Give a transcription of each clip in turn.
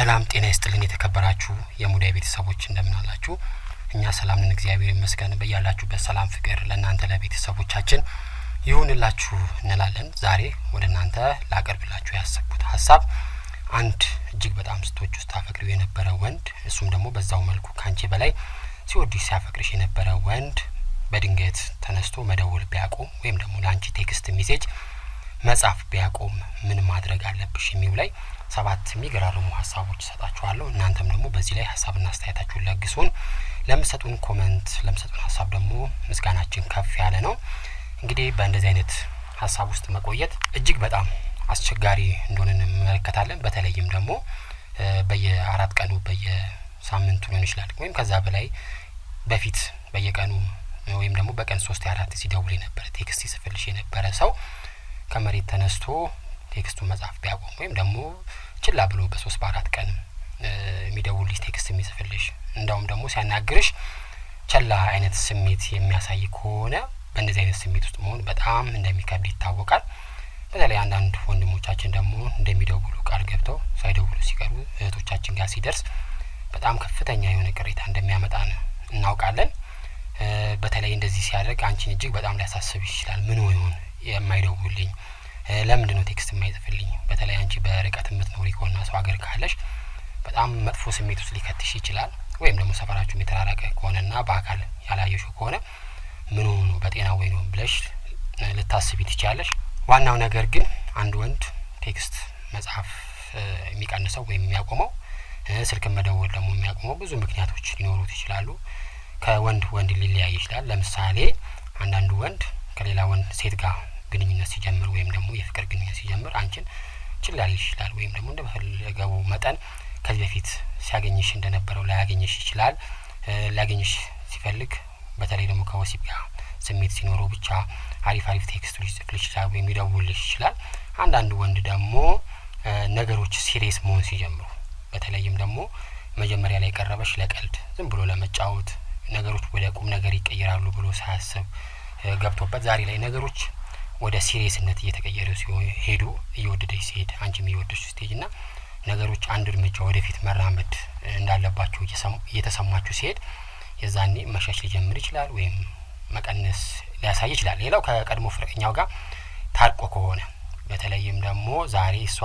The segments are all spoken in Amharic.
ሰላም ጤና ይስጥልን። የተከበራችሁ የሙዳይ ቤተሰቦች እንደምን አላችሁ? እኛ ሰላምን እግዚአብሔር ይመስገን። በያላችሁበት ሰላም ፍቅር ለእናንተ ለቤተሰቦቻችን ይሁንላችሁ እንላለን። ዛሬ ወደ እናንተ ላቀርብላችሁ ያሰብኩት ሀሳብ አንድ እጅግ በጣም ስቶች ውስጥ አፈቅሪው የነበረ ወንድ እሱም ደግሞ በዛው መልኩ ካንቺ በላይ ሲወድሽ ሲያፈቅርሽ የነበረ ወንድ በድንገት ተነስቶ መደወል ቢያቆም ወይም ደግሞ ለአንቺ ቴክስት ሜሴጅ መጻፍ ቢያቆም ምን ማድረግ አለብሽ የሚው ላይ ሰባት የሚገራርሙ ሀሳቦች እሰጣችኋለሁ። እናንተም ደግሞ በዚህ ላይ ሀሳብና አስተያየታችሁን ለግሱን። ለምሰጡን ኮመንት፣ ለምሰጡን ሀሳብ ደግሞ ምስጋናችን ከፍ ያለ ነው። እንግዲህ በእንደዚህ አይነት ሀሳብ ውስጥ መቆየት እጅግ በጣም አስቸጋሪ እንደሆነ እንመለከታለን። በተለይም ደግሞ በየአራት ቀኑ በየሳምንቱ ሊሆን ይችላል ወይም ከዛ በላይ በፊት በየቀኑ ወይም ደግሞ በቀን ሶስት አራት ሲደውል የነበረ ቴክስት ይስፍልሽ የነበረ ሰው ከመሬት ተነስቶ ቴክስቱን መጻፍ ቢያቆም ወይም ደግሞ ችላ ብሎ በሶስት በአራት ቀን የሚደውልሽ ቴክስት የሚጽፍልሽ እንዳውም ደግሞ ሲያናግርሽ ችላ አይነት ስሜት የሚያሳይ ከሆነ በእንደዚህ አይነት ስሜት ውስጥ መሆን በጣም እንደሚከብድ ይታወቃል። በተለይ አንዳንድ ወንድሞቻችን ደግሞ እንደሚደውሉ ቃል ገብተው ሳይደውሉ ሲቀሩ እህቶቻችን ጋር ሲደርስ በጣም ከፍተኛ የሆነ ቅሬታ እንደሚያመጣ እናውቃለን። በተለይ እንደዚህ ሲያደርግ አንቺን እጅግ በጣም ሊያሳስብ ይችላል። ምን ይሆን የማይደውልኝ? ለምንድን ነው ቴክስት የማይጽፍልኝ? በተለይ አንቺ በርቀት የምትኖሪ ከሆነ ሰው ሀገር ካለሽ በጣም መጥፎ ስሜት ውስጥ ሊከትሽ ይችላል። ወይም ደግሞ ሰፈራችሁም የተራራቀ ከሆነና በአካል ያላየሽው ከሆነ ምን ሆኑ በጤና ወይ ነው ብለሽ ልታስቢ ትችያለሽ። ዋናው ነገር ግን አንድ ወንድ ቴክስት መጽሐፍ የሚቀንሰው ወይም የሚያቆመው ስልክን መደወል ደግሞ የሚያቆመው ብዙ ምክንያቶች ሊኖሩት ይችላሉ። ከወንድ ወንድ ሊለያይ ይችላል። ለምሳሌ አንዳንዱ ወንድ ከሌላ ወንድ ሴት ጋር ግንኙነት ሲጀምር ወይም ደግሞ የፍቅር ግንኙነት ሲጀምር አንቺን ችላል ይችላል። ወይም ደግሞ እንደ በፈለገው መጠን ከዚህ በፊት ሲያገኝሽ እንደነበረው ላያገኝሽ ይችላል። ሊያገኝሽ ሲፈልግ በተለይ ደግሞ ከወሲብ ጋር ስሜት ሲኖረው ብቻ አሪፍ አሪፍ ቴክስት ሊጽፍልሽ ይችላል ወይም ሊደውልሽ ይችላል። አንዳንድ ወንድ ደግሞ ነገሮች ሲሪየስ መሆን ሲጀምሩ በተለይም ደግሞ መጀመሪያ ላይ የቀረበሽ ለቀልድ ዝም ብሎ ለመጫወት ነገሮች ወደ ቁም ነገር ይቀየራሉ ብሎ ሳያስብ ገብቶበት ዛሬ ላይ ነገሮች ወደ ሲሪየስነት እየተቀየረ ሄዱ እየወደደች ሲሄድ አንቺም እየወደች ስቴጅ እና ነገሮች አንድ እርምጃ ወደፊት መራመድ እንዳለባቸው እየተሰማችሁ ሲሄድ የዛኔ መሻሽ ሊጀምር ይችላል ወይም መቀነስ ሊያሳይ ይችላል። ሌላው ከቀድሞ ፍቅረኛው ጋር ታርቆ ከሆነ በተለይም ደግሞ ዛሬ እሷ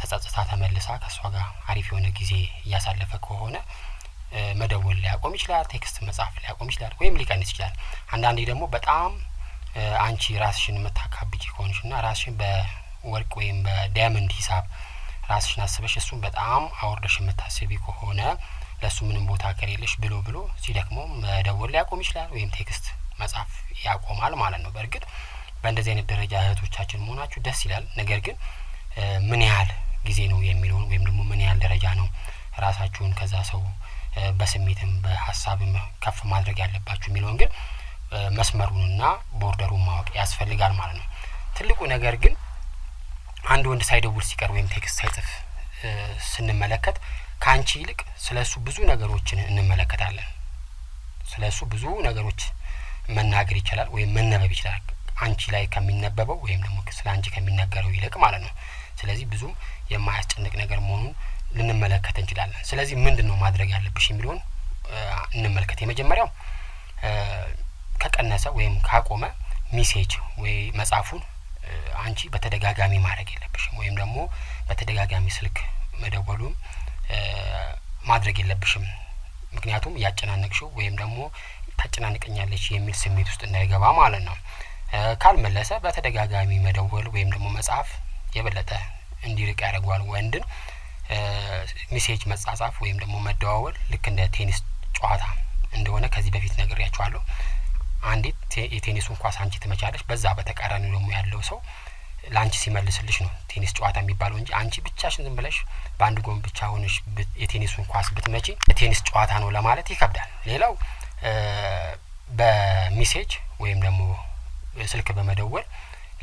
ተጸጽታ ተመልሳ ከእሷ ጋር አሪፍ የሆነ ጊዜ እያሳለፈ ከሆነ መደወል ሊያቆም ይችላል። ቴክስት መጻፍ ሊያቆም ይችላል፣ ወይም ሊቀንስ ይችላል። አንዳንዴ ደግሞ በጣም አንቺ ራስሽን የምታካብጅ ከሆንሽ ና ራስሽን በወርቅ ወይም በዳያመንድ ሂሳብ ራስሽን አስበሽ እሱን በጣም አውርደሽ የምታስቢ ከሆነ ለእሱ ምንም ቦታ ከሌለሽ ብሎ ብሎ ሲደክሞ መደወል ሊያቆም ይችላል፣ ወይም ቴክስት መጻፍ ያቆማል ማለት ነው። በእርግጥ በእንደዚህ አይነት ደረጃ እህቶቻችን መሆናችሁ ደስ ይላል። ነገር ግን ምን ያህል ጊዜ ነው የሚለውን ወይም ደግሞ ምን ያህል ደረጃ ነው ራሳችሁን ከዛ ሰው በስሜትም በሀሳብም ከፍ ማድረግ ያለባችሁ የሚለውን ግን መስመሩንና ቦርደሩን ማወቅ ያስፈልጋል ማለት ነው። ትልቁ ነገር ግን አንድ ወንድ ሳይደውል ሲቀር ወይም ቴክስት ሳይጽፍ ስንመለከት ከአንቺ ይልቅ ስለ እሱ ብዙ ነገሮችን እንመለከታለን። ስለ እሱ ብዙ ነገሮች መናገር ይችላል ወይም መነበብ ይችላል አንቺ ላይ ከሚነበበው ወይም ደግሞ ስለ አንቺ ከሚነገረው ይልቅ ማለት ነው። ስለዚህ ብዙም የማያስጨንቅ ነገር መሆኑን ልንመለከት እንችላለን። ስለዚህ ምንድን ነው ማድረግ ያለብሽ የሚለውን እንመልከት። የመጀመሪያው ከቀነሰ ወይም ካቆመ ሚሴጅ ወይ መጽሐፉን አንቺ በተደጋጋሚ ማድረግ የለብሽም ወይም ደግሞ በተደጋጋሚ ስልክ መደወሉም ማድረግ የለብሽም። ምክንያቱም እያጨናነቅሽው ወይም ደግሞ ታጨናንቀኛለች የሚል ስሜት ውስጥ እንዳይገባ ማለት ነው። ካልመለሰ በተደጋጋሚ መደወል ወይም ደግሞ መጽሐፍ የበለጠ እንዲርቅ ያደርገዋል ወንድን ሚሴጅ መጻጻፍ ወይም ደግሞ መደዋወል ልክ እንደ ቴኒስ ጨዋታ እንደሆነ ከዚህ በፊት ነግሬያችኋለሁ። አንዲት የቴኒሱን ኳስ አንቺ ትመቻለች፣ በዛ በተቃራኒ ደግሞ ያለው ሰው ለአንቺ ሲመልስልሽ ነው ቴኒስ ጨዋታ የሚባለው እንጂ አንቺ ብቻሽን ዝም ብለሽ በአንድ ጎን ብቻ ሆነሽ የቴኒሱን ኳስ ብትመቺ ቴኒስ ጨዋታ ነው ለማለት ይከብዳል። ሌላው በሚሴጅ ወይም ደግሞ ስልክ በመደወል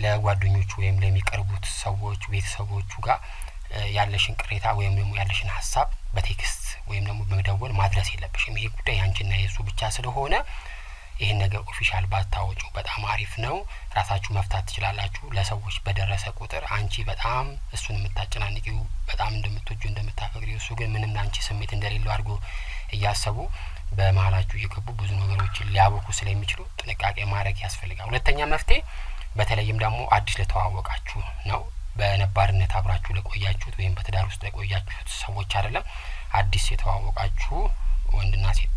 ለጓደኞቹ ወይም ለሚቀርቡት ሰዎች ቤተሰቦቹ ጋር ያለሽን ቅሬታ ወይም ደግሞ ያለሽን ሀሳብ በቴክስት ወይም ደግሞ በመደወል ማድረስ የለብሽም። ይሄ ጉዳይ አንችና የሱ ብቻ ስለሆነ ይህን ነገር ኦፊሻል ባታወጩ በጣም አሪፍ ነው። ራሳችሁ መፍታት ትችላላችሁ። ለሰዎች በደረሰ ቁጥር አንቺ በጣም እሱን የምታጨናንቂው በጣም እንደምትወጁ እንደምታፈቅሪ፣ እሱ ግን ምንም ለአንቺ ስሜት እንደሌለው አድርጎ እያሰቡ በመሀላችሁ እየገቡ ብዙ ነገሮችን ሊያቦኩ ስለሚችሉ ጥንቃቄ ማድረግ ያስፈልጋል። ሁለተኛ መፍትሄ በተለይም ደግሞ አዲስ ለተዋወቃችሁ ነው በነባርነት አብራችሁ ለቆያችሁት ወይም በትዳር ውስጥ ለቆያችሁት ሰዎች አይደለም። አዲስ የተዋወቃችሁ ወንድና ሴት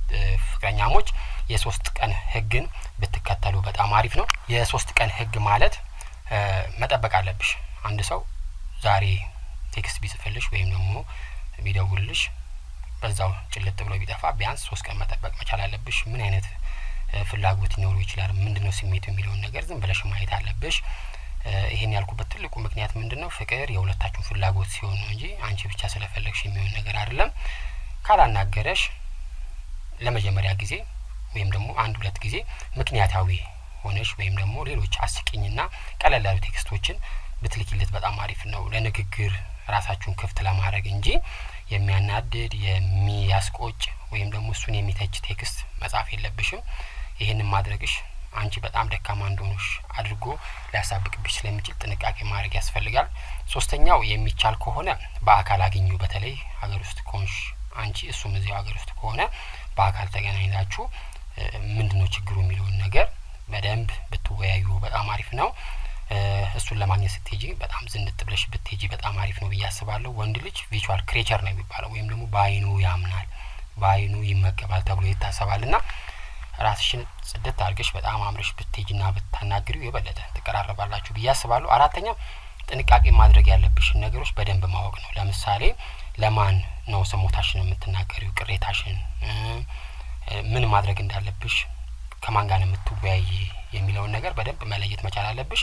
ፍቅረኛሞች የሶስት ቀን ህግን ብትከተሉ በጣም አሪፍ ነው። የሶስት ቀን ህግ ማለት መጠበቅ አለብሽ። አንድ ሰው ዛሬ ቴክስት ቢጽፍልሽ ወይም ደግሞ ቢደውልልሽ በዛው ጭልጥ ብሎ ቢጠፋ ቢያንስ ሶስት ቀን መጠበቅ መቻል አለብሽ። ምን አይነት ፍላጎት ሊኖሩ ይችላል፣ ምንድነው ስሜቱ የሚለውን ነገር ዝም ብለሽ ማየት አለብሽ። ይሄን ያልኩበት ትልቁ ምክንያት ምንድን ነው? ፍቅር የሁለታችሁን ፍላጎት ሲሆን ነው እንጂ አንቺ ብቻ ስለፈለግሽ የሚሆን ነገር አይደለም። ካላናገረሽ ለመጀመሪያ ጊዜ ወይም ደግሞ አንድ ሁለት ጊዜ ምክንያታዊ ሆነሽ ወይም ደግሞ ሌሎች አስቂኝና ቀለል ያሉ ቴክስቶችን ብትልኪለት በጣም አሪፍ ነው፣ ለንግግር ራሳችሁን ክፍት ለማድረግ እንጂ የሚያናድድ የሚያስቆጭ ወይም ደግሞ እሱን የሚተች ቴክስት መጻፍ የለብሽም። ይህንን ማድረግሽ አንቺ በጣም ደካማ እንደሆነሽ አድርጎ ሊያሳብቅብሽ ስለሚችል ጥንቃቄ ማድረግ ያስፈልጋል። ሶስተኛው የሚቻል ከሆነ በአካል አግኙ። በተለይ ሀገር ውስጥ ከሆንሽ አንቺ እሱም እዚያው ሀገር ውስጥ ከሆነ በአካል ተገናኝታችሁ ምንድን ነው ችግሩ የሚለውን ነገር በደንብ ብትወያዩ በጣም አሪፍ ነው። እሱን ለማግኘት ስትሄጂ በጣም ዝንጥ ብለሽ ብትሄጂ በጣም አሪፍ ነው ብዬ አስባለሁ። ወንድ ልጅ ቪቹዋል ክሬቸር ነው የሚባለው ወይም ደግሞ በአይኑ ያምናል፣ በአይኑ ይመገባል ተብሎ ይታሰባል ና ራስሽን ጽድት አድርገሽ በጣም አምረሽ ብትጅና ብታናግሪው የበለጠ ትቀራረባላችሁ ብዬ አስባለሁ። አራተኛ ጥንቃቄ ማድረግ ያለብሽን ነገሮች በደንብ ማወቅ ነው። ለምሳሌ ለማን ነው ስሞታሽን የምትናገሪው? ቅሬታሽን ምን ማድረግ እንዳለብሽ ከማን ጋር የምትወያይ የሚለውን ነገር በደንብ መለየት መቻል አለብሽ።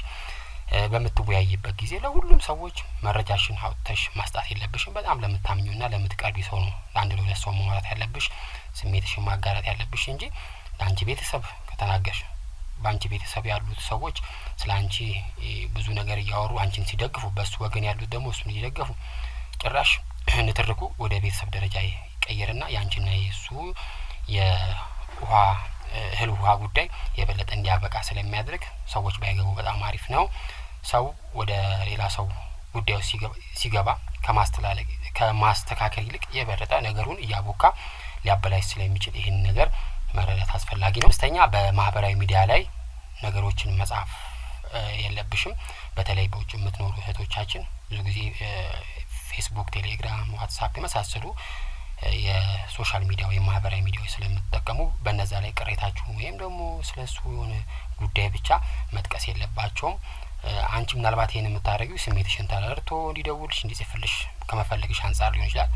በምትወያይበት ጊዜ ለሁሉም ሰዎች መረጃሽን አውጥተሽ ማስጣት የለብሽም። በጣም ለምታምኙና ለምትቀርቢ ሰው ነው ለአንድ ለሁለት ሰው መሟላት ያለብሽ፣ ስሜትሽን ማጋራት ያለብሽ እንጂ የአንቺ ቤተሰብ ከተናገሽ በአንቺ ቤተሰብ ያሉት ሰዎች ስለ አንቺ ብዙ ነገር እያወሩ አንቺን ሲደግፉ፣ በእሱ ወገን ያሉት ደግሞ እሱን እየደገፉ ጭራሽ ንትርኩ ወደ ቤተሰብ ደረጃ ይቀየርና የአንቺና የእሱ የውሃ እህል ውሃ ጉዳይ የበለጠ እንዲያበቃ ስለሚያደርግ ሰዎች ባይገቡ በጣም አሪፍ ነው። ሰው ወደ ሌላ ሰው ጉዳዩ ሲገባ ከማስተላለቅ ከማስተካከል ይልቅ የበለጠ ነገሩን እያቦካ ሊያበላሽ ስለሚችል ይህን ነገር መረዳት አስፈላጊ ነው። ስተኛ በማህበራዊ ሚዲያ ላይ ነገሮችን መጻፍ የለብሽም። በተለይ በውጭ የምትኖሩ እህቶቻችን ብዙ ጊዜ ፌስቡክ፣ ቴሌግራም፣ ዋትሳፕ የመሳሰሉ የሶሻል ሚዲያ ወይም ማህበራዊ ሚዲያዎች ስለምትጠቀሙ በነዛ ላይ ቅሬታችሁ ወይም ደግሞ ስለ እሱ የሆነ ጉዳይ ብቻ መጥቀስ የለባቸውም። አንቺ ምናልባት ይህን የምታደረጊ ስሜትሽን ተረድቶ እንዲደውልሽ እንዲጽፍልሽ ከመፈለግሽ አንጻር ሊሆን ይችላል።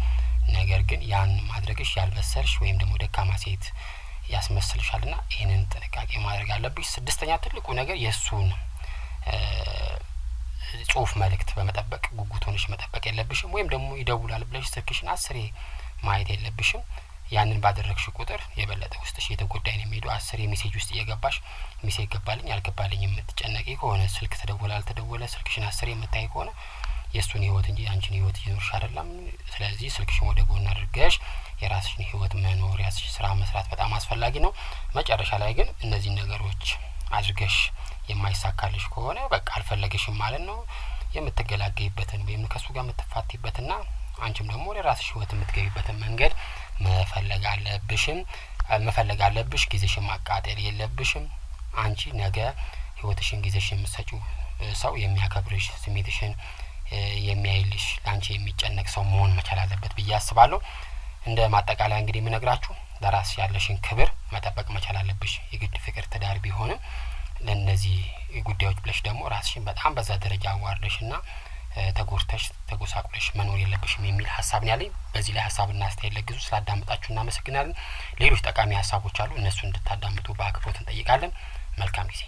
ነገር ግን ያን ማድረግሽ ያልበሰርሽ ወይም ደግሞ ደካማ ሴት ያስመስልሻል ና ይህንን ጥንቃቄ ማድረግ አለብሽ። ስድስተኛ ትልቁ ነገር የእሱን ጽሁፍ መልእክት በመጠበቅ ጉጉት ሆነሽ መጠበቅ የለብሽም። ወይም ደግሞ ይደውላል ብለሽ ስልክሽን አስሬ ማየት የለብሽም። ያንን ባደረግሽ ቁጥር የበለጠ ውስጥሽ እየተጎዳይ ነው የሚሄዱ። አስሬ ሜሴጅ ውስጥ እየገባሽ ሜሴጅ ገባልኝ አልገባልኝ የምትጨነቂ ከሆነ ስልክ ተደወለ አልተደወለ ስልክሽን አስሬ የምታይ ከሆነ የእሱን ህይወት እንጂ አንቺን ህይወት እየዞርሽ አይደለም። ስለዚህ ስልክሽን ወደ ጎን አድርገሽ የራስሽን ህይወት መኖር፣ የራስሽ ስራ መስራት በጣም አስፈላጊ ነው። መጨረሻ ላይ ግን እነዚህን ነገሮች አድርገሽ የማይሳካልሽ ከሆነ በቃ አልፈለገሽም ማለት ነው። የምትገላገይበትን ወይም ከእሱ ጋር የምትፋቲበትና አንቺም ደግሞ ወደ ራስሽ ህይወት የምትገቢበትን መንገድ መፈለግ አለብሽም መፈለግ አለብሽ። ጊዜሽን ማቃጠል የለብሽም። አንቺ ነገ ህይወትሽን ጊዜሽን የምትሰጪው ሰው የሚያከብርሽ ስሜትሽን የሚያይልሽ ለአንቺ የሚጨነቅ ሰው መሆን መቻል አለበት ብዬ አስባለሁ። እንደ ማጠቃለያ እንግዲህ የምነግራችሁ ለራስ ያለሽን ክብር መጠበቅ መቻል አለብሽ። የግድ ፍቅር፣ ትዳር ቢሆንም ለእነዚህ ጉዳዮች ብለሽ ደግሞ ራስሽን በጣም በዛ ደረጃ ና ተጎርተሽ ተጎሳቁለሽ መኖር የለብሽም የሚል ሀሳብ ነው ያለኝ። በዚህ ላይ ሀሳብና አስተያየት ለግዙ። ስላዳምጣችሁ እናመሰግናለን። ሌሎች ጠቃሚ ሀሳቦች አሉ፣ እነሱን እንድታዳምጡ በአክብሮት እንጠይቃለን። መልካም ጊዜ